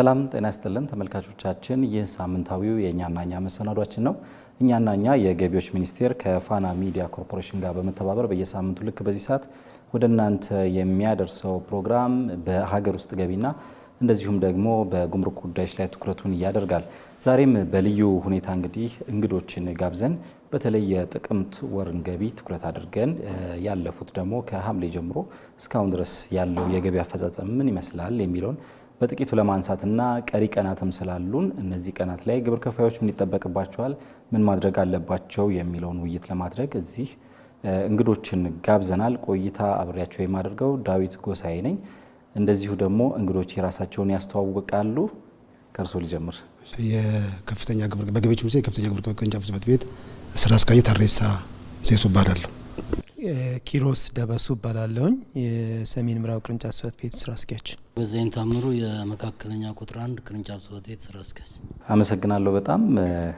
ሰላም ጤና ይስጥልን ተመልካቾቻችን፣ ይህ ሳምንታዊው የእኛና እኛ መሰናዷችን ነው። እኛና እኛ የገቢዎች ሚኒስቴር ከፋና ሚዲያ ኮርፖሬሽን ጋር በመተባበር በየሳምንቱ ልክ በዚህ ሰዓት ወደ እናንተ የሚያደርሰው ፕሮግራም በሀገር ውስጥ ገቢና እንደዚሁም ደግሞ በጉምሩክ ጉዳዮች ላይ ትኩረቱን ያደርጋል። ዛሬም በልዩ ሁኔታ እንግዲህ እንግዶችን ጋብዘን በተለይ የጥቅምት ወርን ገቢ ትኩረት አድርገን ያለፉት ደግሞ ከሐምሌ ጀምሮ እስካሁን ድረስ ያለው የገቢ አፈጻጸም ምን ይመስላል የሚለውን በጥቂቱ ለማንሳትና ቀሪ ቀናትም ስላሉን እነዚህ ቀናት ላይ ግብር ከፋዮች ምን ይጠበቅባቸዋል፣ ምን ማድረግ አለባቸው የሚለውን ውይይት ለማድረግ እዚህ እንግዶችን ጋብዘናል። ቆይታ አብሬያቸው የማደርገው ዳዊት ጎሳዬ ነኝ። እንደዚሁ ደግሞ እንግዶች የራሳቸውን ያስተዋውቃሉ። ከእርሶ ሊጀምር። የከፍተኛ ግብር በገቢዎች ሚኒስቴር የከፍተኛ ግብር ቅንጫፍ ጽሕፈት ቤት ስራ አስኪያጅ ታሬሳ ሴሶ እባላለሁ። ኪሮስ ደበሱ እባላለሁኝ የሰሜን ምዕራብ ቅርንጫፍ ጽህፈት ቤት ስራ አስኪያጅ። በዛይን ታምሩ የመካከለኛ ቁጥር አንድ ቅርንጫፍ ጽህፈት ቤት ስራ አስኪያጅ። አመሰግናለሁ። በጣም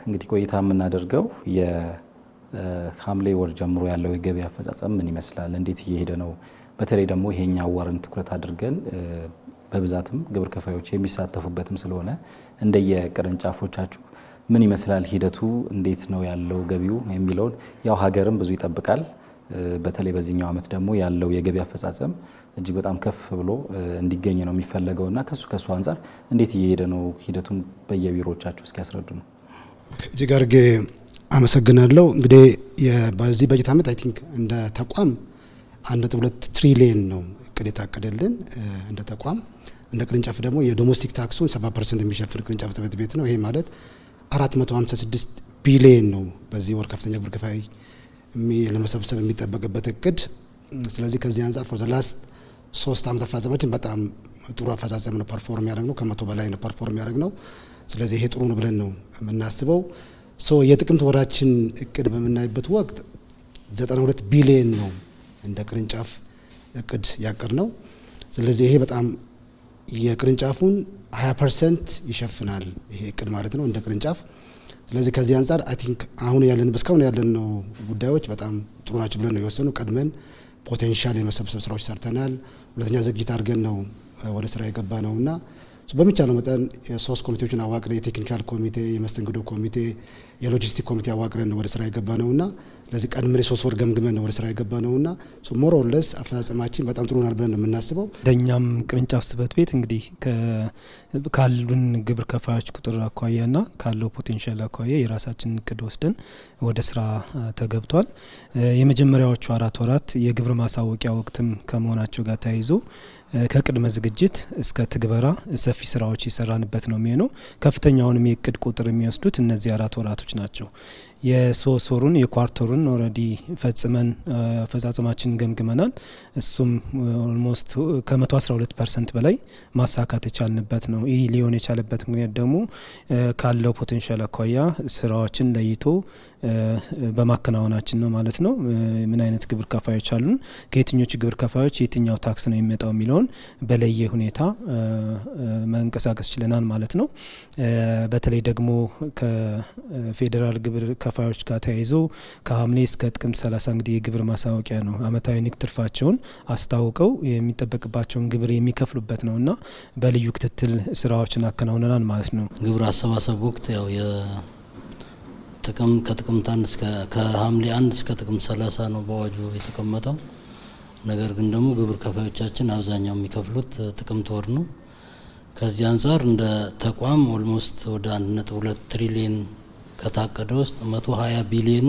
እንግዲህ ቆይታ የምናደርገው የሐምሌ ወር ጀምሮ ያለው የገቢ አፈጻጸም ምን ይመስላል፣ እንዴት እየሄደ ነው፣ በተለይ ደግሞ ይሄኛ ወርን ትኩረት አድርገን በብዛትም ግብር ከፋዮች የሚሳተፉበትም ስለሆነ እንደየቅርንጫፎቻችሁ ምን ይመስላል ሂደቱ፣ እንዴት ነው ያለው ገቢው የሚለውን ያው ሀገርም ብዙ ይጠብቃል በተለይ በዚህኛው ዓመት ደግሞ ያለው የገቢ አፈጻጸም እጅግ በጣም ከፍ ብሎ እንዲገኝ ነው የሚፈለገው እና ከሱ ከሱ አንጻር እንዴት እየሄደ ነው ሂደቱን በየቢሮዎቻችሁ ያስረዱ ነው። እጅግ አድርጌ አመሰግናለሁ። እንግዲህ በዚህ በጀት ዓመት አይ ቲንክ እንደ ተቋም አንድ ነጥብ ሁለት ትሪሊየን ነው እቅድ የታቀደልን እንደ ተቋም እንደ ቅርንጫፍ ደግሞ የዶሜስቲክ ታክሱን 70 ፐርሰንት የሚሸፍን ቅርንጫፍ ጽሕፈት ቤት ነው። ይሄ ማለት 456 ቢሊየን ነው በዚህ ወር ከፍተኛ ግብር ከፋይ ለመሰብሰብ የሚጠበቅበት እቅድ። ስለዚህ ከዚህ አንጻር ፎር ዘ ላስት ሶስት አመት አፈጻጸማችን በጣም ጥሩ አፈጻጸም ነው ፐርፎርም ነው ከመቶ በላይ ነው ፐርፎርም ነው። ስለዚህ ይሄ ጥሩ ነው ብለን ነው የምናስበው። ሶ የጥቅምት ወራችን እቅድ በምናይበት ወቅት 92 ቢሊየን ነው እንደ ቅርንጫፍ እቅድ ያቀድ ነው። ስለዚህ ይሄ በጣም የቅርንጫፉን 20 ፐርሰንት ይሸፍናል ይሄ እቅድ ማለት ነው እንደ ቅርንጫፍ ስለዚህ ከዚህ አንጻር አይ ቲንክ አሁን ያለን እስካሁን ያለን ነው ጉዳዮች በጣም ጥሩ ናቸው ብለን ነው የወሰኑ። ቀድመን ፖቴንሻል የመሰብሰብ ስራዎች ሰርተናል። ሁለተኛ ዝግጅት አድርገን ነው ወደ ስራ የገባ ነውና በሚቻለው መጠን የሶስት ኮሚቴዎችን አዋቅረን የቴክኒካል ኮሚቴ፣ የመስተንግዶ ኮሚቴ፣ የሎጂስቲክ ኮሚቴ አዋቅረን ወደ ስራ የገባ እና ለዚህ ቀድም የሶስት ወር ገምግመን ወደ ስራ የገባ ነውና ሞር ኦር ለስ አፈጻጸማችን በጣም ጥሩ ናል ብለን ነው የምናስበው። እንደኛም ቅርንጫፍ ስበት ቤት እንግዲህ ካሉን ግብር ከፋዮች ቁጥር አኳያና ካለው ፖቴንሻል አኳያ የራሳችን እቅድ ወስደን ወደ ስራ ተገብቷል። የመጀመሪያዎቹ አራት ወራት የግብር ማሳወቂያ ወቅትም ከመሆናቸው ጋር ተያይዞ ከቅድመ ዝግጅት እስከ ትግበራ ሰፊ ስራዎች የሰራንበት ነው የሚሆነው። ከፍተኛውንም የእቅድ ቁጥር የሚወስዱት እነዚህ አራት ወራቶች ናቸው። የሶስት ወሩን የኳርተሩን ኦልሬዲ ፈጽመን አፈጻጸማችን ገምግመናል። እሱም ኦልሞስት ከ112 ፐርሰንት በላይ ማሳካት የቻልንበት ነው። ይህ ሊሆን የቻለበት ምክንያት ደግሞ ካለው ፖቴንሻል አኳያ ስራዎችን ለይቶ በማከናወናችን ነው ማለት ነው። ምን አይነት ግብር ከፋዮች አሉን፣ ከየትኞቹ ግብር ከፋዮች የትኛው ታክስ ነው የሚመጣው የሚለውን በለየ ሁኔታ መንቀሳቀስ ችለናል ማለት ነው። በተለይ ደግሞ ከፌዴራል ግብር ጠፋዮች ጋር ተያይዞ ከሐምሌ እስከ ጥቅምት 30 እንግዲህ የግብር ማሳወቂያ ነው። አመታዊ ንግድ ትርፋቸውን አስታውቀው የሚጠበቅባቸውን ግብር የሚከፍሉበት ነው እና በልዩ ክትትል ስራዎችን አከናውነናል ማለት ነው። ግብር አሰባሰብ ወቅት ያው ከጥቅምት አንድ እስከ ከሐምሌ አንድ እስከ ጥቅምት 30 ነው በአዋጁ የተቀመጠው። ነገር ግን ደግሞ ግብር ከፋዮቻችን አብዛኛው የሚከፍሉት ጥቅምት ወር ነው። ከዚህ አንጻር እንደ ተቋም ኦልሞስት ወደ 1.2 ትሪሊየን ከታቀደ ውስጥ 120 ቢሊዮኑ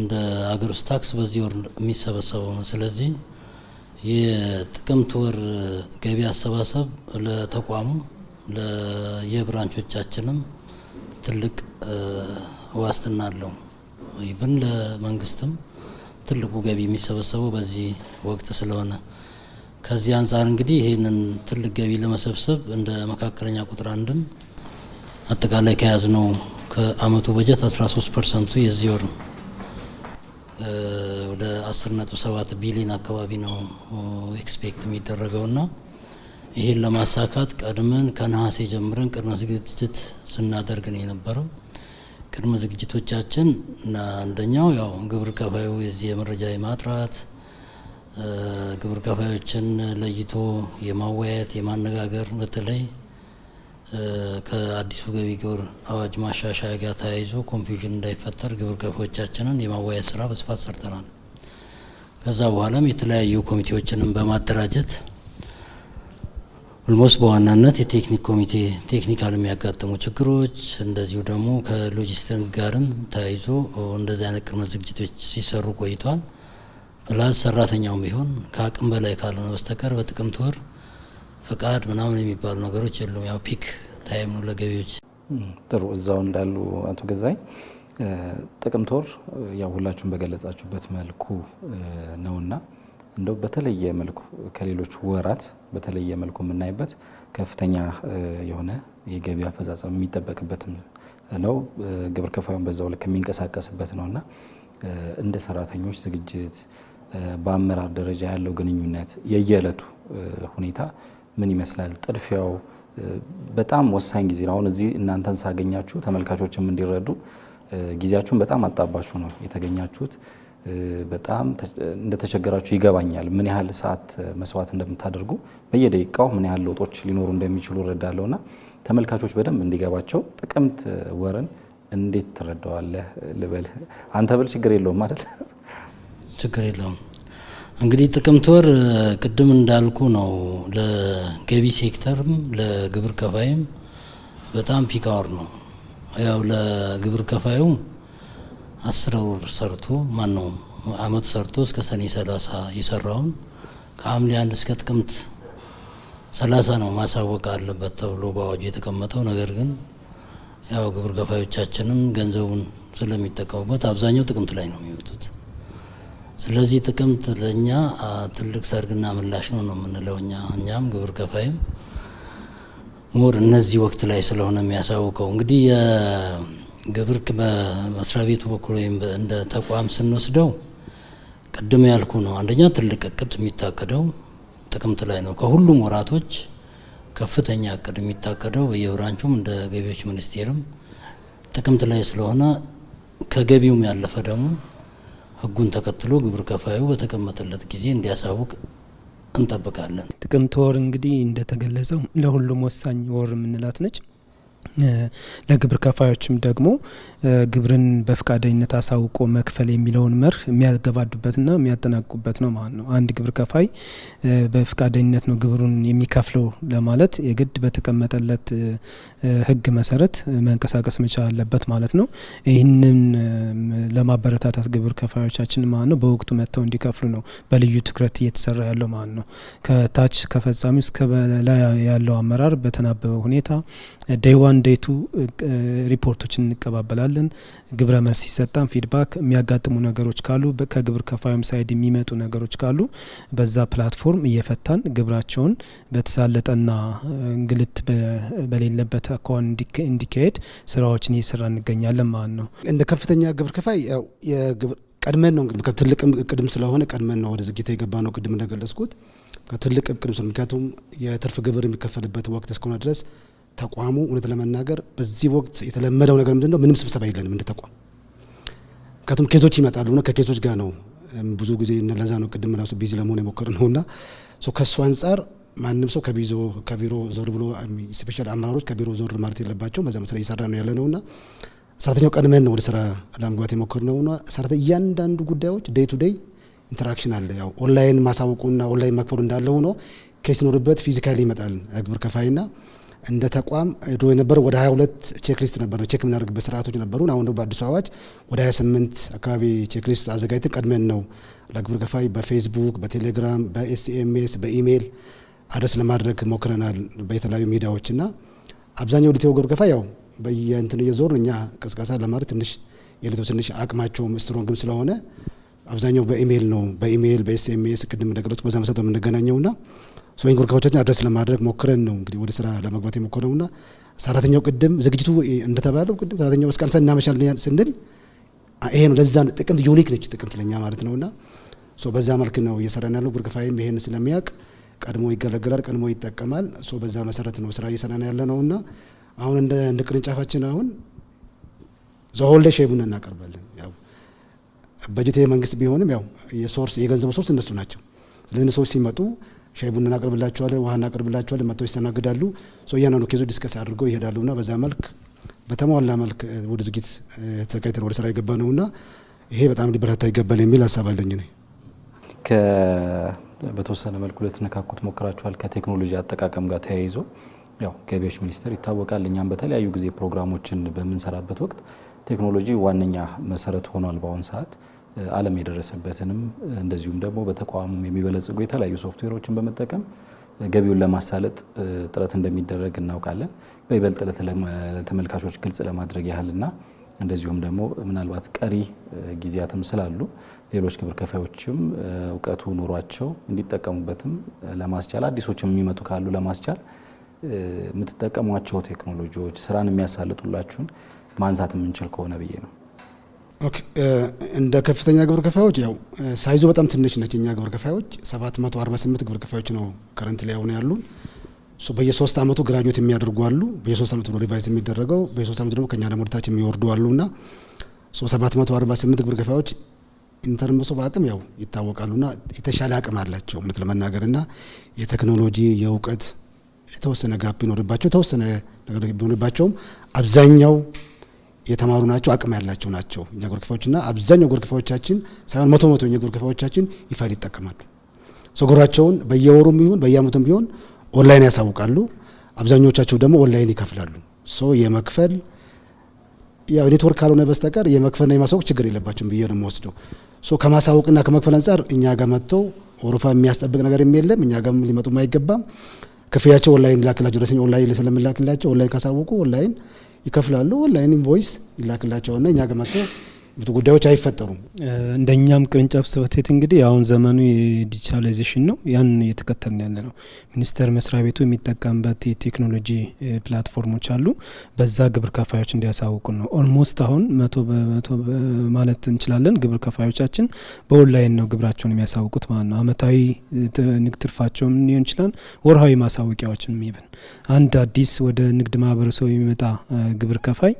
እንደ አገር ውስጥ ታክስ በዚህ ወር የሚሰበሰበው ነው። ስለዚህ የጥቅምት ወር ገቢ አሰባሰብ ለተቋሙ ለየብራንቾቻችንም ትልቅ ዋስትና አለው። ይብን ለመንግስትም ትልቁ ገቢ የሚሰበሰበው በዚህ ወቅት ስለሆነ ከዚህ አንጻር እንግዲህ ይህንን ትልቅ ገቢ ለመሰብሰብ እንደ መካከለኛ ቁጥር አንድም አጠቃላይ ከያዝ ነው ከአመቱ በጀት 13 ፐርሰንቱ የዚህ ወር ነው። ወደ 10.7 ቢሊዮን አካባቢ ነው ኤክስፔክት የሚደረገው ና ይህን ለማሳካት ቀድመን ከነሐሴ ጀምረን ቅድመ ዝግጅት ስናደርግ ነው የነበረው። ቅድመ ዝግጅቶቻችን አንደኛው ያው ግብር ከፋዩ የዚህ የመረጃ የማጥራት ግብር ከፋዮችን ለይቶ የማወያየት የማነጋገር በተለይ ከአዲሱ ገቢ ግብር አዋጅ ማሻሻያ ጋር ተያይዞ ኮንፊውዥን እንዳይፈጠር ግብር ከፋዮቻችንን የማወያየት ስራ በስፋት ሰርተናል። ከዛ በኋላም የተለያዩ ኮሚቴዎችንም በማደራጀት ኦልሞስት በዋናነት የቴክኒክ ኮሚቴ ቴክኒካል የሚያጋጥሙ ችግሮች እንደዚሁ ደግሞ ከሎጂስቲክ ጋርም ተያይዞ እንደዚህ አይነት ቅድመ ዝግጅቶች ሲሰሩ ቆይቷል። ፕላስ ሰራተኛውም ቢሆን ከአቅም በላይ ካልሆነ በስተቀር በጥቅምት ወር ፈቃድ ምናምን የሚባሉ ነገሮች የሉም። ያው ፒክ ታይም ነው ለገቢዎች። ጥሩ እዛው እንዳሉ አቶ ገዛይ ጥቅምት ወር ያው ሁላችሁም በገለጻችሁበት መልኩ ነውና እንደው በተለየ መልኩ ከሌሎች ወራት በተለየ መልኩ የምናይበት ከፍተኛ የሆነ የገቢ አፈጻጸም የሚጠበቅበትም ነው። ግብር ከፋዩን በዛው ልክ የሚንቀሳቀስበት ነውና እንደ ሰራተኞች ዝግጅት በአመራር ደረጃ ያለው ግንኙነት የየዕለቱ ሁኔታ ምን ይመስላል? ጥድፊያው በጣም ወሳኝ ጊዜ ነው። አሁን እዚህ እናንተን ሳገኛችሁ ተመልካቾችም እንዲረዱ ጊዜያችሁን በጣም አጣባችሁ ነው የተገኛችሁት። በጣም እንደተቸገራችሁ ይገባኛል። ምን ያህል ሰዓት መስዋዕት እንደምታደርጉ በየደቂቃው ምን ያህል ለውጦች ሊኖሩ እንደሚችሉ እረዳለሁና ተመልካቾች በደንብ እንዲገባቸው ጥቅምት ወርን እንዴት ትረዳዋለህ ልበልህ? አንተ ብል ችግር የለውም አይደል? ችግር የለውም። እንግዲህ ጥቅምት ወር ቅድም እንዳልኩ ነው። ለገቢ ሴክተርም ለግብር ከፋይም በጣም ፒካወር ነው። ያው ለግብር ከፋዩ አስር ወር ሰርቶ ማን ነው አመት ሰርቶ እስከ ሰኔ ሰላሳ የሰራውን ከሐምሌ አንድ እስከ ጥቅምት ሰላሳ ነው ማሳወቅ አለበት ተብሎ በአዋጁ የተቀመጠው። ነገር ግን ያው ግብር ከፋዮቻችንም ገንዘቡን ስለሚጠቀሙበት አብዛኛው ጥቅምት ላይ ነው የሚወጡት። ስለዚህ ጥቅምት ለእኛ ትልቅ ሰርግና ምላሽ ነው ነው የምንለው እኛ እኛም ግብር ከፋይም ሞር እነዚህ ወቅት ላይ ስለሆነ የሚያሳውቀው እንግዲህ የግብር በመስሪያ ቤቱ በኩል ወይም እንደ ተቋም ስንወስደው ቅድም ያልኩ ነው። አንደኛ ትልቅ እቅድ የሚታቀደው ጥቅምት ላይ ነው። ከሁሉም ወራቶች ከፍተኛ እቅድ የሚታቀደው በየብራንቹም እንደ ገቢዎች ሚኒስቴርም ጥቅምት ላይ ስለሆነ ከገቢውም ያለፈ ደግሞ ህጉን ተከትሎ ግብር ከፋዩ በተቀመጠለት ጊዜ እንዲያሳውቅ እንጠብቃለን። ጥቅምት ወር እንግዲህ እንደተገለጸው ለሁሉም ወሳኝ ወር የምንላት ነች። ለግብር ከፋዮችም ደግሞ ግብርን በፍቃደኝነት አሳውቆ መክፈል የሚለውን መርህ የሚያገባዱበትና የሚያጠናቅቁበት ነው ማለት ነው። አንድ ግብር ከፋይ በፍቃደኝነት ነው ግብሩን የሚከፍለው ለማለት የግድ በተቀመጠለት ሕግ መሰረት መንቀሳቀስ መቻል አለበት ማለት ነው። ይህንን ለማበረታታት ግብር ከፋዮቻችን ማለት ነው በወቅቱ መጥተው እንዲከፍሉ ነው በልዩ ትኩረት እየተሰራ ያለው ማለት ነው። ከታች ከፈጻሚ እስከ በላይ ያለው አመራር በተናበበ ሁኔታ ደይዋን ከየአንዴቱ ሪፖርቶችን እንቀባበላለን። ግብረ መልስ ሲሰጣን ፊድባክ የሚያጋጥሙ ነገሮች ካሉ ከግብር ከፋዩም ሳይድ የሚመጡ ነገሮች ካሉ በዛ ፕላትፎርም እየፈታን ግብራቸውን በተሳለጠና እንግልት በሌለበት አኳን እንዲካሄድ ስራዎችን እየሰራ እንገኛለን ማለት ነው። እንደ ከፍተኛ ግብር ከፋይ ያው የግብር ቀድመን ነው እንግዲህ ከትልቅም ቅድም ስለሆነ ቀድመን ነው ወደ ዝግጅት የገባ ነው። ቅድም እንደገለጽኩት ቅድም ስለሆነ ምክንያቱም የትርፍ ግብር የሚከፈልበት ወቅት እስከሆነ ድረስ ተቋሙ እውነት ለመናገር በዚህ ወቅት የተለመደው ነገር ምንድነው? ምንም ስብሰባ የለንም እንደ ተቋም። ምክንያቱም ኬዞች ይመጣሉ እና ከኬዞች ጋር ነው ብዙ ጊዜ ለዛ ነው ቅድም ራሱ ቢዚ ለመሆን የሞከር ነው እና ከእሱ አንጻር ማንም ሰው ከቢዞ ከቢሮ ዞር ብሎ ስፔሻል አመራሮች ከቢሮ ዞር ማለት የለባቸው። በዛ መሰረት እየሰራ ነው ያለ ነው ነውና ሰራተኛው ቀድመን ነው ወደ ስራ ለመግባት የሞከር ነውና ሰራተ እያንዳንዱ ጉዳዮች ዴይ ቱ ዴይ ኢንተራክሽን አለ። ያው ኦንላይን ማሳወቁና ኦንላይን መክፈሉ እንዳለ ሆኖ ኬስ ኖርበት ፊዚካሊ ይመጣል ግብር ከፋይና እንደ ተቋም ድሮ የነበረው ወደ 22 ቼክሊስት ነበር ነው ቼክ የምናደርግበት ስርዓቶች ነበሩን። አሁን በአዲሱ አዋጅ ወደ 28 አካባቢ ቼክሊስት አዘጋጅተን ቀድመን ነው ለግብር ከፋይ በፌስቡክ፣ በቴሌግራም፣ በኤስኤምኤስ፣ በኢሜይል አድረስ ለማድረግ ሞክረናል በተለያዩ ሚዲያዎች እና አብዛኛው ኢትዮ ግብር ከፋይ ያው በየእንትን እየዞር እኛ ቅስቀሳ ለማድረግ ትንሽ የልቶ ትንሽ አቅማቸውም ስትሮንግም ስለሆነ አብዛኛው በኢሜይል ነው በኢሜይል በኤስኤምኤስ ቅድም እንደገለጽኩ በዛ መሰረት ና ሰው እንክብካቤዎቻችን አድረስ ለማድረግ ሞክረን ነው እንግዲህ ወደ ስራ ለመግባት የሞከረውና ሰራተኛው ቅድም ዝግጅቱ እንደተባለው ቅድም ሰራተኛው እስከ አንሳ እናመሻለን ስንል ይሄ ነው። ለዛ ጥቅምት ዩኒክ ነች ጥቅምት ለኛ ማለት ነውና ሶ በዛ መልክ ነው እየሰራን ያለው። ብርቅፋይም ይሄን ስለሚያውቅ ቀድሞ ይገለገላል፣ ቀድሞ ይጠቀማል። ሶ በዛ መሰረት ነው ስራ እየሰራን ያለ ነውና አሁን እንደ እንደ ቅርንጫፋችን አሁን ዘሆልደ ሼቡን እናቀርባለን። ያው በጀት የመንግስት ቢሆንም ያው የሶርስ የገንዘቡ ሶርስ እነሱ ናቸው። ስለዚህ ሶርስ ሲመጡ ሻይ ቡና እናቀርብላቸዋለን፣ ውሃ እናቀርብላቸዋለን። መጥተው ይስተናግዳሉ። እያንዳንዱ ኬዞ ዲስከስ አድርገው ይሄዳሉ እና በዛ መልክ በተሟላ መልክ ወደ ዝግጅት ተዘጋጅተን ወደ ስራ የገባ ነውና ይሄ በጣም ሊበረታታ ይገባል የሚል ሀሳብ አለኝ። በተወሰነ መልኩ ልትነካኩት ሞክራችኋል። ከቴክኖሎጂ አጠቃቀም ጋር ተያይዞ ያው ገቢዎች ሚኒስቴር ይታወቃል። እኛም በተለያዩ ጊዜ ፕሮግራሞችን በምንሰራበት ወቅት ቴክኖሎጂ ዋነኛ መሰረት ሆኗል። በአሁን ሰዓት ዓለም የደረሰበትንም እንደዚሁም ደግሞ በተቋሙ የሚበለጽጉ የተለያዩ ሶፍትዌሮችን በመጠቀም ገቢውን ለማሳለጥ ጥረት እንደሚደረግ እናውቃለን። በይበልጥ ለተመልካቾች ግልጽ ለማድረግ ያህልና እንደዚሁም ደግሞ ምናልባት ቀሪ ጊዜያትም ስላሉ ሌሎች ግብር ከፋዮችም እውቀቱ ኑሯቸው እንዲጠቀሙበትም ለማስቻል አዲሶችም የሚመጡ ካሉ ለማስቻል የምትጠቀሟቸው ቴክኖሎጂዎች ስራን የሚያሳልጡላችሁን ማንሳት የምንችል ከሆነ ብዬ ነው። እንደ ከፍተኛ ግብር ከፋዮች ያው ሳይዙ በጣም ትንሽ ነች። የኛ ግብር ከፋዮች 748 ግብር ከፋዮች ነው ከረንት ላይ አሁን ያሉን። በየሶስት አመቱ ግራጁዌት የሚያደርጉ አሉ። በየሶስት አመቱ ነው ሪቫይዝ የሚደረገው። በየሶስት አመቱ ደግሞ ከኛ ደግሞ ወደታች የሚወርዱ አሉ እና 748 ግብር ከፋዮች ኢንተርምሶ በአቅም ያው ይታወቃሉና የተሻለ አቅም አላቸው እውነት ለመናገርና የቴክኖሎጂ የእውቀት የተወሰነ ጋፕ ቢኖርባቸው የተወሰነ ነገር ቢኖርባቸውም አብዛኛው የተማሩ ናቸው፣ አቅም ያላቸው ናቸው። እኛ ና አብዛኛው ጎርኪፋዎቻችን ሳይሆን መቶ መቶ እኛ ጎርኪፋዎቻችን ይፋድ ይጠቀማሉ። ሰጎራቸውን በየወሩም ቢሆን በየአመቱም ቢሆን ኦንላይን ያሳውቃሉ። አብዛኞቻቸው ደግሞ ኦንላይን ይከፍላሉ። የመክፈል ያው ኔትወርክ ካልሆነ በስተቀር የመክፈልና የማሳወቅ ችግር የለባቸውም ብዬ ነው የምወስደው። ከማሳወቅና ከመክፈል አንጻር እኛ ጋር መጥተው ወረፋ የሚያስጠብቅ ነገር የለም። እኛ ጋርም ሊመጡም አይገባም። ክፍያቸው ኦንላይን ላክላቸው ደረሰኝ ኦንላይን ስለምላክላቸው ኦንላይን ካሳወቁ ኦንላይን ይከፍላሉ። ኦንላይን ኢንቮይስ ይላክላቸውና እኛ ጋር መጥተው ጉዳዮች አይፈጠሩም። እንደኛም ቅርንጫፍ ጽሕፈት ቤት እንግዲህ አሁን ዘመኑ የዲጂታላይዜሽን ነው። ያን እየተከተልን ያለ ነው። ሚኒስቴር መስሪያ ቤቱ የሚጠቀምበት የቴክኖሎጂ ፕላትፎርሞች አሉ። በዛ ግብር ከፋዮች እንዲያሳውቁን ነው። ኦልሞስት አሁን መቶ በመቶ ማለት እንችላለን ግብር ከፋዮቻችን በኦንላይን ነው ግብራቸውን የሚያሳውቁት ማለት ነው። አመታዊ ንግድ ትርፋቸውም ሊሆን ይችላል፣ ወርሃዊ ማሳወቂያዎችን ይብን አንድ አዲስ ወደ ንግድ ማህበረሰቡ የሚመጣ ግብር ከፋይ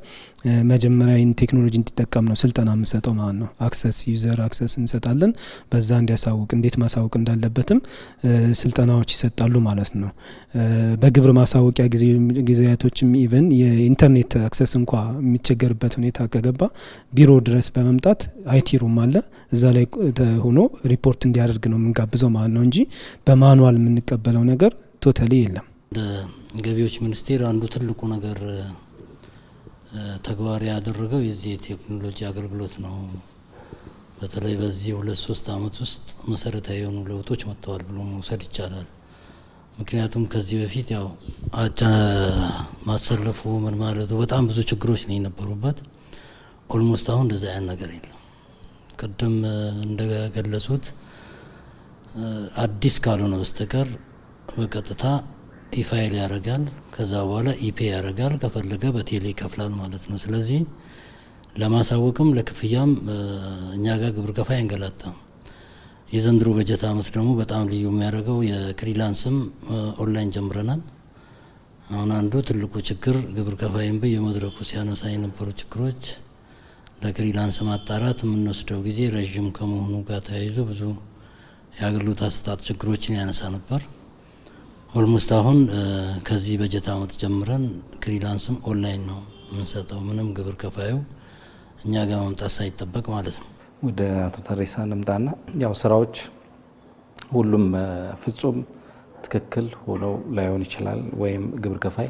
መጀመሪያ ቴክኖሎጂ እንዲጠቀም ነው ስልጠና የምንሰጠው ማለት ነው። አክሰስ ዩዘር አክሰስ እንሰጣለን። በዛ እንዲያሳውቅ እንዴት ማሳወቅ እንዳለበትም ስልጠናዎች ይሰጣሉ ማለት ነው። በግብር ማሳወቂያ ጊዜያቶችም ኢቨን የኢንተርኔት አክሰስ እንኳ የሚቸገርበት ሁኔታ ከገባ ቢሮ ድረስ በመምጣት አይቲ ሩም አለ እዛ ላይ ሆኖ ሪፖርት እንዲያደርግ ነው የምንጋብዘው ማለት ነው እንጂ በማኑዋል የምንቀበለው ነገር ቶታሊ የለም። ገቢዎች ሚኒስቴር አንዱ ትልቁ ነገር ተግባር ያደረገው የዚህ የቴክኖሎጂ አገልግሎት ነው። በተለይ በዚህ ሁለት ሶስት አመት ውስጥ መሰረታዊ የሆኑ ለውጦች መጥተዋል ብሎ መውሰድ ይቻላል። ምክንያቱም ከዚህ በፊት ያው አቻ ማሰለፉ ምን ማለቱ በጣም ብዙ ችግሮች ነው የነበሩበት። ኦልሞስት አሁን እንደዚ አይነት ነገር የለም። ቅድም እንደገለጹት አዲስ ካልሆነ በስተቀር በቀጥታ ኢፋይል ያደርጋል። ከዛ በኋላ ኢፔ ያደርጋል። ከፈለገ በቴሌ ይከፍላል ማለት ነው። ስለዚህ ለማሳወቅም ለክፍያም እኛ ጋር ግብር ከፋይ አይንገላታም። የዘንድሮ በጀት ዓመት ደግሞ በጣም ልዩ የሚያደርገው የክሪላንስም ኦንላይን ጀምረናል። አሁን አንዱ ትልቁ ችግር ግብር ከፋይም በየመድረኩ ሲያነሳ የነበሩ ችግሮች ለክሪላንስ ማጣራት የምንወስደው ጊዜ ረዥም ከመሆኑ ጋር ተያይዞ ብዙ የአገልግሎት አሰጣጥ ችግሮችን ያነሳ ነበር። ኦልሞስት አሁን ከዚህ በጀት አመት ጀምረን ክሪላንስም ኦንላይን ነው የምንሰጠው። ምንም ግብር ከፋዩ እኛ ጋር መምጣት ሳይጠበቅ ማለት ነው። ወደ አቶ ተሬሳ ልምጣና ያው ስራዎች ሁሉም ፍጹም ትክክል ሆነው ላይሆን ይችላል፣ ወይም ግብር ከፋይ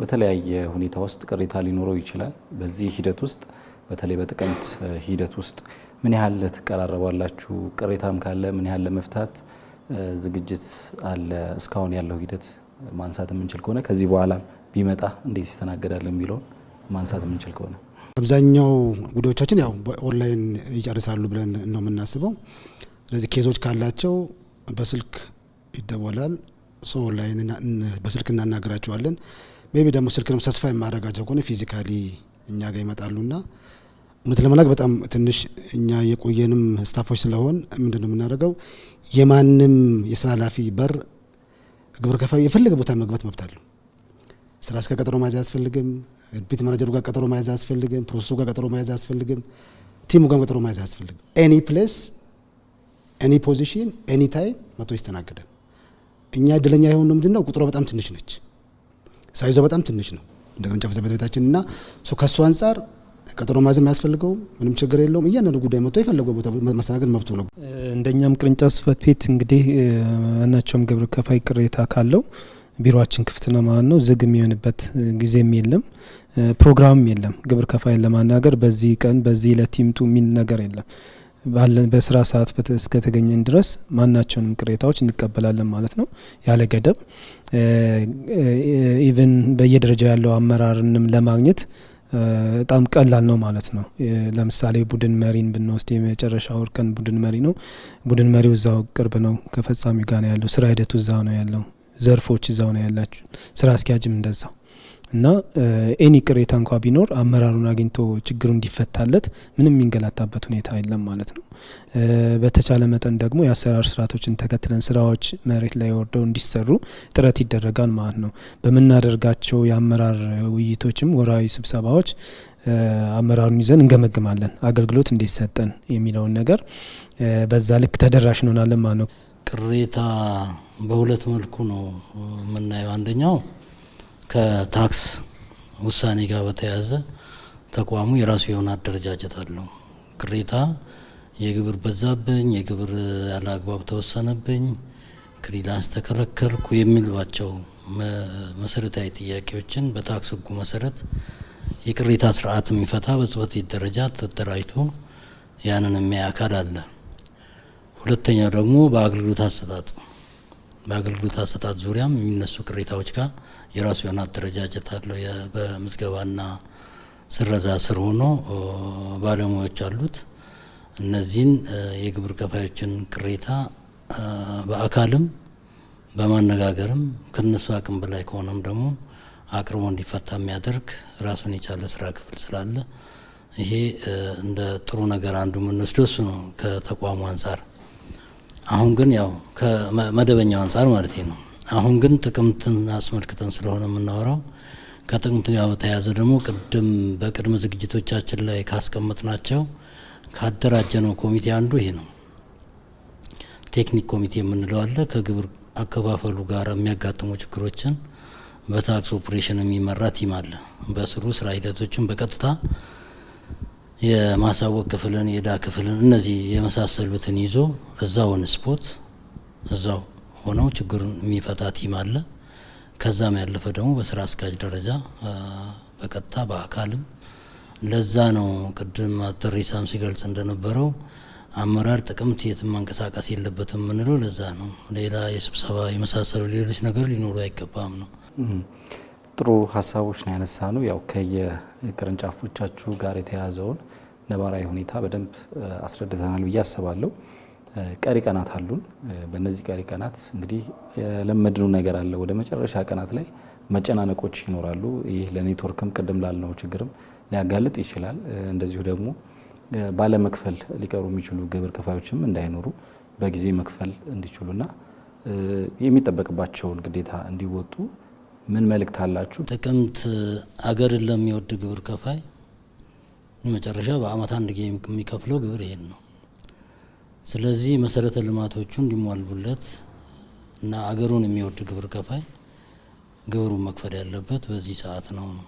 በተለያየ ሁኔታ ውስጥ ቅሬታ ሊኖረው ይችላል። በዚህ ሂደት ውስጥ በተለይ በጥቅምት ሂደት ውስጥ ምን ያህል ትቀራረባላችሁ? ቅሬታም ካለ ምን ያህል ለመፍታት ዝግጅት አለ። እስካሁን ያለው ሂደት ማንሳት የምንችል ከሆነ ከዚህ በኋላ ቢመጣ እንዴት ይስተናገዳል የሚለውን ማንሳት የምንችል ከሆነ አብዛኛው ጉዳዮቻችን ያው ኦንላይን ይጨርሳሉ ብለን ነው የምናስበው። ስለዚህ ኬዞች ካላቸው በስልክ ይደወላል። ሰው ኦንላይን በስልክ እናናገራቸዋለን። ሜቢ ደግሞ ስልክ ደግሞ ተስፋ የማረጋቸው ከሆነ ፊዚካሊ እኛ ጋር ይመጣሉና እውነት ለመላክ በጣም ትንሽ እኛ የቆየንም ስታፎች ስለሆን ምንድን ነው የምናደርገው? የማንም የስራ ኃላፊ በር ግብር ከፋዩ የፈለገ ቦታ መግባት መብት አለው። ስራ እስከ ቀጠሮ መያዝ አያስፈልግም። ቢት መናጀሩ ጋር ቀጠሮ መያዝ አያስፈልግም። ፕሮሰሱ ጋር ቀጠሮ መያዝ አያስፈልግም። ቲሙ ጋር ቀጠሮ መያዝ አያስፈልግም። ኤኒ ፕሌስ፣ ኤኒ ፖዚሽን፣ ኤኒ ታይም መቶ ይስተናገደ። እኛ እድለኛ የሆነው ምንድን ነው ቁጥሯ በጣም ትንሽ ነች። ሳይዟ በጣም ትንሽ ነው እንደ ቅርንጫፍ ቤታችን እና ከእሱ አንጻር ቀጠሮ ማዘም የሚያስፈልገው ምንም ችግር የለውም። እያንዳንዱ ጉዳይ መጥቶ የፈለገው ቦታ ማስተናገድ መብቱ ነው። እንደኛም ቅርንጫፍ ጽህፈት ቤት እንግዲህ ማናቸውም ግብር ከፋይ ቅሬታ ካለው ቢሮችን ክፍት ነው ማለት ነው። ዝግ የሚሆንበት ጊዜም የለም፣ ፕሮግራምም የለም። ግብር ከፋይን ለማናገር በዚህ ቀን በዚህ ዕለት ይምጡ የሚል ነገር የለም። በስራ ሰዓት እስከተገኘን ድረስ ማናቸውንም ቅሬታዎች እንቀበላለን ማለት ነው፣ ያለ ገደብ ኢቨን በየደረጃ ያለው አመራርንም ለማግኘት በጣም ቀላል ነው ማለት ነው። ለምሳሌ ቡድን መሪን ብንወስድ የመጨረሻው እርከን ቡድን መሪ ነው። ቡድን መሪው እዛው ቅርብ ነው፣ ከፈጻሚው ጋር ነው ያለው። ስራ ሂደቱ እዛው ነው ያለው። ዘርፎች እዛው ነው ያላችሁ። ስራ አስኪያጅም እንደዛው እና ኤኒ ቅሬታ እንኳ ቢኖር አመራሩን አግኝቶ ችግሩ እንዲፈታለት ምንም የሚንገላታበት ሁኔታ የለም ማለት ነው። በተቻለ መጠን ደግሞ የአሰራር ስርዓቶችን ተከትለን ስራዎች መሬት ላይ ወርደው እንዲሰሩ ጥረት ይደረጋል ማለት ነው። በምናደርጋቸው የአመራር ውይይቶችም ወራዊ ስብሰባዎች አመራሩን ይዘን እንገመግማለን። አገልግሎት እንዴት ሰጠን የሚለውን ነገር በዛ ልክ ተደራሽ እንሆናለን ማለት ነው። ቅሬታ በሁለት መልኩ ነው የምናየው አንደኛው ከታክስ ውሳኔ ጋር በተያያዘ ተቋሙ የራሱ የሆነ አደረጃጀት አለው። ቅሬታ የግብር በዛብኝ፣ የግብር ያለ አግባብ ተወሰነብኝ፣ ክሊራንስ ተከለከልኩ የሚሏቸው መሰረታዊ ጥያቄዎችን በታክስ ሕጉ መሰረት የቅሬታ ስርዓት የሚፈታ በጽህፈት ቤት ደረጃ ተደራጅቶ ያንን የሚያይ አካል አለ። ሁለተኛው ደግሞ በአገልግሎት አሰጣጥ በአገልግሎት አሰጣጥ ዙሪያም የሚነሱ ቅሬታዎች ጋር የራሱ የሆነ አደረጃጀት አለው። በምዝገባና ስረዛ ስር ሆኖ ባለሙያዎች አሉት። እነዚህን የግብር ከፋዮችን ቅሬታ በአካልም በማነጋገርም ከነሱ አቅም በላይ ከሆነም ደግሞ አቅርቦ እንዲፈታ የሚያደርግ ራሱን የቻለ ስራ ክፍል ስላለ ይሄ እንደ ጥሩ ነገር አንዱ የምንወስደው እሱ ነው ከተቋሙ አንጻር አሁን ግን ያው ከመደበኛው አንጻር ማለት ነው። አሁን ግን ጥቅምትን አስመልክተን ስለሆነ የምናወራው ከጥቅምት ጋር በተያያዘ ደግሞ ቅድም በቅድመ ዝግጅቶቻችን ላይ ካስቀመጥ ናቸው ካደራጀ ነው ኮሚቴ አንዱ ይሄ ነው። ቴክኒክ ኮሚቴ የምንለው አለ። ከግብር አከፋፈሉ ጋር የሚያጋጥሙ ችግሮችን በታክስ ኦፕሬሽን የሚመራ ቲም አለ። በስሩ ስራ ሂደቶችን በቀጥታ የማሳወቅ ክፍልን፣ የዕዳ ክፍልን እነዚህ የመሳሰሉትን ይዞ እዛውን ስፖት እዛው ሆነው ችግሩን የሚፈታ ቲም አለ። ከዛም ያለፈ ደግሞ በስራ አስኪያጅ ደረጃ በቀጥታ በአካልም ለዛ ነው ቅድም አተሬሳም ሲገልጽ እንደነበረው አመራር ጥቅምት የትም መንቀሳቀስ የለበትም የምንለው ለዛ ነው። ሌላ የስብሰባ የመሳሰሉ ሌሎች ነገር ሊኖሩ አይገባም ነው። ጥሩ ሀሳቦች ነው ያነሳ ነው። ያው ከየቅርንጫፎቻችሁ ጋር የተያያዘውን ነባራዊ ሁኔታ በደንብ አስረድተናል ብዬ አስባለሁ። ቀሪ ቀናት አሉን። በእነዚህ ቀሪ ቀናት እንግዲህ የለመድነው ነገር አለ። ወደ መጨረሻ ቀናት ላይ መጨናነቆች ይኖራሉ። ይህ ለኔትወርክም ቅድም ላልነው ችግርም ሊያጋልጥ ይችላል። እንደዚሁ ደግሞ ባለመክፈል ሊቀሩ የሚችሉ ግብር ከፋዮችም እንዳይኖሩ በጊዜ መክፈል እንዲችሉና የሚጠበቅባቸውን ግዴታ እንዲወጡ ምን መልእክት አላችሁ? ጥቅምት አገርን ለሚወድ ግብር ከፋይ መጨረሻ በአመት አንድ ጊዜ የሚከፍለው ግብር ይሄን ነው። ስለዚህ መሰረተ ልማቶቹ እንዲሟሉለት እና አገሩን የሚወድ ግብር ከፋይ ግብሩን መክፈል ያለበት በዚህ ሰዓት ነው ነው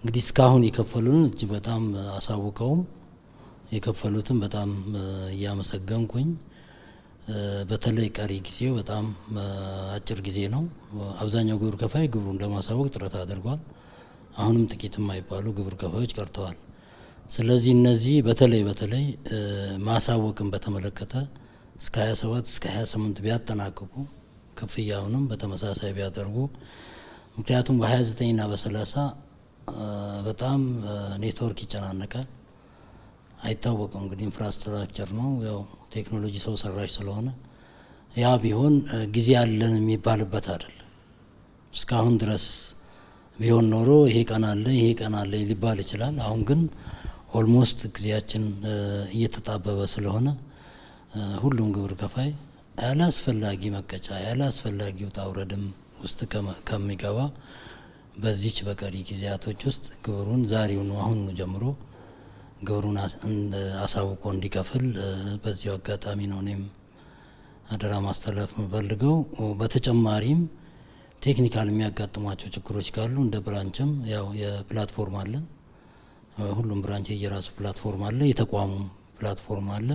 እንግዲህ እስካሁን የከፈሉን እጅ በጣም አሳውቀውም የከፈሉትን በጣም እያመሰገንኩኝ በተለይ ቀሪ ጊዜው በጣም አጭር ጊዜ ነው። አብዛኛው ግብር ከፋይ ግብሩን ለማሳወቅ ጥረት አድርጓል። አሁንም ጥቂት የማይባሉ ግብር ከፋዮች ቀርተዋል። ስለዚህ እነዚህ በተለይ በተለይ ማሳወቅን በተመለከተ እስከ 27 እስከ 28 ቢያጠናቅቁ ክፍያውንም በተመሳሳይ ቢያደርጉ ምክንያቱም በ29 እና በ30 በጣም ኔትወርክ ይጨናነቃል። አይታወቅም እንግዲህ ኢንፍራስትራክቸር ነው ያው ቴክኖሎጂ ሰው ሰራሽ ስለሆነ ያ ቢሆን ጊዜ አለን የሚባልበት አይደለም። እስካሁን ድረስ ቢሆን ኖሮ ይሄ ቀን አለ ይሄ ቀን አለ ሊባል ይችላል። አሁን ግን ኦልሞስት ጊዜያችን እየተጣበበ ስለሆነ ሁሉም ግብር ከፋይ ያለ አስፈላጊ መቀጫ ያለ አስፈላጊ ውጣ ውረድም ውስጥ ከሚገባ በዚች በቀሪ ጊዜያቶች ውስጥ ግብሩን ዛሬውኑ አሁኑ ጀምሮ ግብሩን አሳውቆ እንዲከፍል በዚሁ አጋጣሚ ነው እኔም አደራ ማስተላለፍ የምፈልገው። በተጨማሪም ቴክኒካል የሚያጋጥሟቸው ችግሮች ካሉ እንደ ብራንችም ያው የፕላትፎርም አለን። ሁሉም ብራንች የየራሱ ፕላትፎርም አለ፣ የተቋሙ ፕላትፎርም አለ።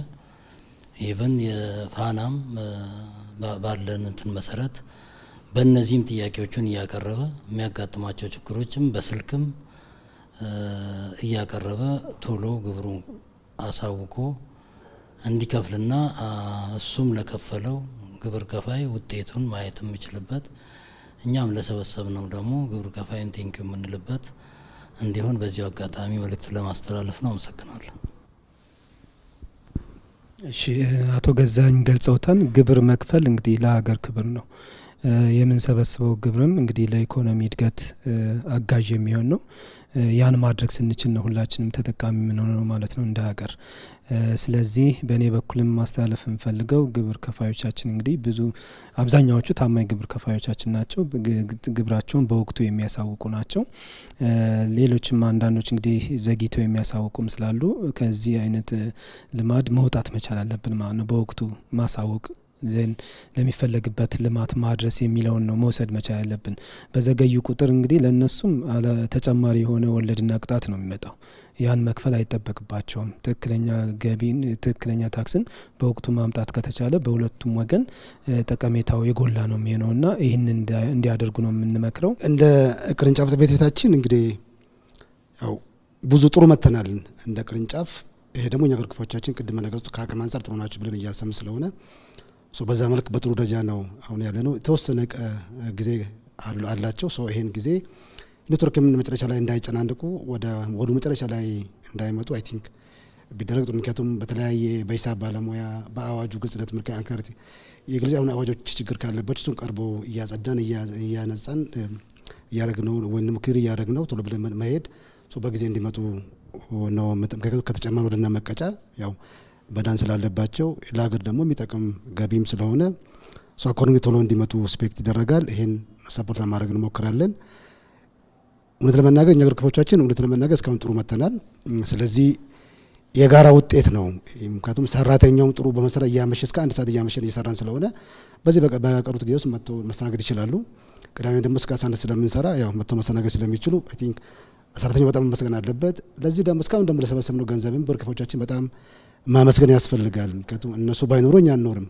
ኢቨን የፋናም ባለን እንትን መሰረት በእነዚህም ጥያቄዎቹን እያቀረበ የሚያጋጥሟቸው ችግሮችም በስልክም እያቀረበ ቶሎ ግብሩ አሳውቆ እንዲከፍልና እሱም ለከፈለው ግብር ከፋይ ውጤቱን ማየት የሚችልበት እኛም ለሰበሰብ ነው ደግሞ ግብር ከፋይን ቴንኪ የምንልበት እንዲሆን በዚሁ አጋጣሚ መልእክት ለማስተላለፍ ነው። አመሰግናለሁ። እሺ፣ አቶ ገዛኝ ገልጸውታን ግብር መክፈል እንግዲህ ለሀገር ክብር ነው። የምንሰበስበው ግብርም እንግዲህ ለኢኮኖሚ እድገት አጋዥ የሚሆን ነው። ያን ማድረግ ስንችል ነው ሁላችንም ተጠቃሚ የምንሆነው ማለት ነው እንደ ሀገር። ስለዚህ በእኔ በኩልም ማስተላለፍ የምፈልገው ግብር ከፋዮቻችን እንግዲህ ብዙ አብዛኛዎቹ ታማኝ ግብር ከፋዮቻችን ናቸው። ግብራቸውን በወቅቱ የሚያሳውቁ ናቸው። ሌሎችም አንዳንዶች እንግዲህ ዘግይተው የሚያሳውቁም ስላሉ ከዚህ አይነት ልማድ መውጣት መቻል አለብን ማለት ነው። በወቅቱ ማሳወቅ ለሚፈለግበት ልማት ማድረስ የሚለውን ነው መውሰድ መቻል ያለብን። በዘገዩ ቁጥር እንግዲህ ለእነሱም ተጨማሪ የሆነ ወለድና ቅጣት ነው የሚመጣው። ያን መክፈል አይጠበቅባቸውም። ትክክለኛ ገቢን፣ ትክክለኛ ታክስን በወቅቱ ማምጣት ከተቻለ በሁለቱም ወገን ጠቀሜታው የጎላ ነው የሚሆነው እና ይህን እንዲያደርጉ ነው የምንመክረው። እንደ ቅርንጫፍ ጽሕፈት ቤታችን እንግዲህ ያው ብዙ ጥሩ መተናልን እንደ ቅርንጫፍ። ይሄ ደግሞ እኛ ክፍሎቻችን ቅድመ ነገሮች ከአቅም አንጻር ጥሩ ናቸው ብለን እያሰብን ስለሆነ በዛ መልክ በጥሩ ደረጃ ነው አሁን ያለ ነው። የተወሰነ ጊዜ አላቸው። ይሄን ጊዜ ኔትወርክ የምን መጨረሻ ላይ እንዳይጨናንቁ ወደ ወዱ መጨረሻ ላይ እንዳይመጡ አይ ቲንክ ቢደረግ ጥሩ። ምክንያቱም በተለያየ በሂሳብ ባለሙያ በአዋጁ ግልጽነት ምልክ አንክረት የግልጽ አሁን አዋጆች ችግር ካለበት እሱን ቀርቦ እያጸዳን እያነጻን እያደረግ ነው ወይም ምክር እያደረግ ነው። ቶሎ ብለን መሄድ በጊዜ እንዲመጡ ነው። ከተጨማሪ ወደና መቀጫ ያው መዳን ስላለባቸው ለሀገር ደግሞ የሚጠቅም ገቢም ስለሆነ እሷ ኢኮኖሚ ቶሎ እንዲመጡ ስፔክት ይደረጋል። ይሄን ሰፖርት ለማድረግ እንሞክራለን። እውነት ለመናገር እኛ ግርክፎቻችን እውነት ለመናገር እስካሁን ጥሩ መጥተናል። ስለዚህ የጋራ ውጤት ነው። ምክንያቱም ሰራተኛውም ጥሩ በመስራት እያመሸ እስከ አንድ ሰዓት እያመሸ እየሰራን ስለሆነ በዚህ በቀሩት ጊዜ ውስጥ መጥቶ መስተናገድ ይችላሉ። ቅዳሜ ደግሞ እስከ አስራ አንድ ስለምንሰራ ያው መጥቶ መስተናገድ ስለሚችሉ አይ ቲንክ ሰራተኛው በጣም መመስገን አለበት። ለዚህ ደግሞ እስካሁን ደግሞ ለሰበሰብነው ገንዘብም በርክፎቻችን በጣም ማመስገን ያስፈልጋል። ምክንያቱም እነሱ ባይኖሩ እኛ አንኖርም፣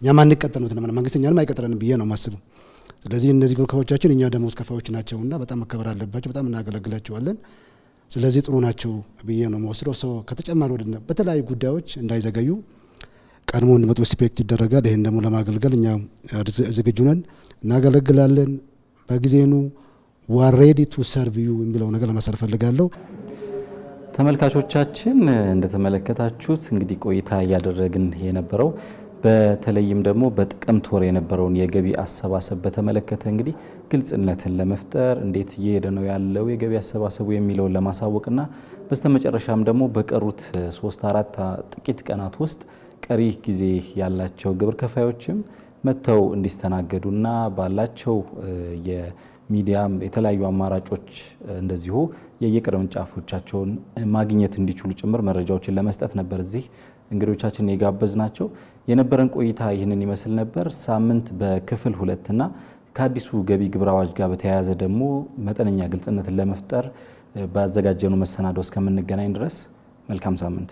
እኛም አንቀጠርም፣ ስለሆነ መንግስት እኛንም አይቀጥረንም ብዬ ነው የማስበው። ስለዚህ እነዚህ ግሩፖቻችን እኛ ደሞዝ ከፋዮች ናቸውና በጣም መከበር አለባቸው። በጣም እናገለግላቸዋለን። ስለዚህ ጥሩ ናቸው ብዬ ነው መወስደው። ሰው ከተጨማሪ ወደ በተለያዩ ጉዳዮች እንዳይዘገዩ ቀድሞ እንዲመጡ ስፔክት ይደረጋል። ይህን ደግሞ ለማገልገል እኛ ዝግጁ ነን፣ እናገለግላለን። በጊዜኑ ዋሬዲ ቱ ሰርቭ ዩ የሚለው ነገር ለማሰር ፈልጋለሁ። ተመልካቾቻችን እንደተመለከታችሁት እንግዲህ ቆይታ እያደረግን የነበረው በተለይም ደግሞ በጥቅምት ወር የነበረውን የገቢ አሰባሰብ በተመለከተ እንግዲህ ግልጽነትን ለመፍጠር እንዴት እየሄደ ነው ያለው የገቢ አሰባሰቡ የሚለውን ለማሳወቅና በስተመጨረሻም ደግሞ በቀሩት ሶስት አራት ጥቂት ቀናት ውስጥ ቀሪ ጊዜ ያላቸው ግብር ከፋዮችም መጥተው እንዲስተናገዱና ባላቸው ሚዲያም የተለያዩ አማራጮች እንደዚሁ የየቅርንጫፎቻቸውን ማግኘት እንዲችሉ ጭምር መረጃዎችን ለመስጠት ነበር እዚህ እንግዶቻችን የጋበዝ ናቸው። የነበረን ቆይታ ይህንን ይመስል ነበር። ሳምንት በክፍል ሁለትና ከአዲሱ ገቢ ግብር አዋጅ ጋር በተያያዘ ደግሞ መጠነኛ ግልጽነትን ለመፍጠር ባዘጋጀኑ መሰናዶ እስከምንገናኝ ድረስ መልካም ሳምንት።